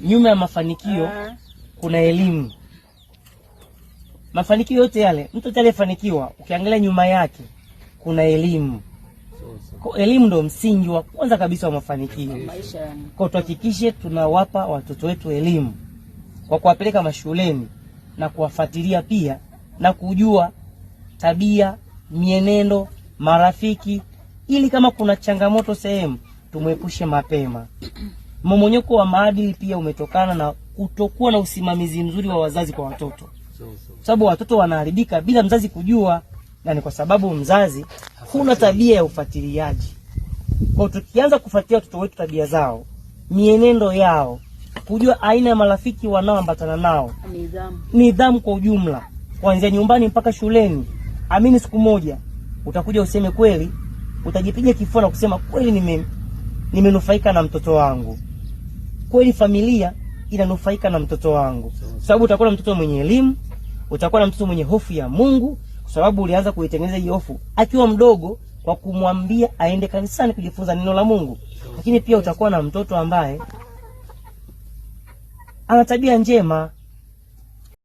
nyuma ya mafanikio uh, kuna elimu. Mafanikio yote yale, mtu yote aliyefanikiwa, ukiangalia nyuma yake kuna elimu. Kwa elimu ndo msingi wa kwanza kabisa wa mafanikio. Kwa tuhakikishe tunawapa watoto wetu elimu kwa kuwapeleka mashuleni na kuwafuatilia pia na kujua tabia, mienendo, marafiki, ili kama kuna changamoto sehemu tumwepushe mapema. Mmomonyoko wa maadili pia umetokana na kutokuwa na usimamizi mzuri wa wazazi kwa watoto, sababu watoto wanaharibika bila mzazi kujua, na ni kwa sababu mzazi huna tabia ya ufuatiliaji. Kwa tukianza kufuatilia watoto wetu tabia zao, mienendo yao, kujua aina ya marafiki wanaoambatana nao, nidhamu kwa ujumla, kuanzia nyumbani mpaka shuleni, amini, siku moja utakuja useme kweli, utajipiga kifua na kusema kweli, nime nimenufaika na mtoto wangu kweli familia inanufaika na mtoto wangu, kwa sababu utakuwa na mtoto mwenye elimu, utakuwa na mtoto mwenye hofu ya Mungu, kwa sababu ulianza kuitengeneza hiyo hofu akiwa mdogo kwa kumwambia aende kanisani kujifunza neno la Mungu. Lakini pia utakuwa na mtoto ambaye ana tabia njema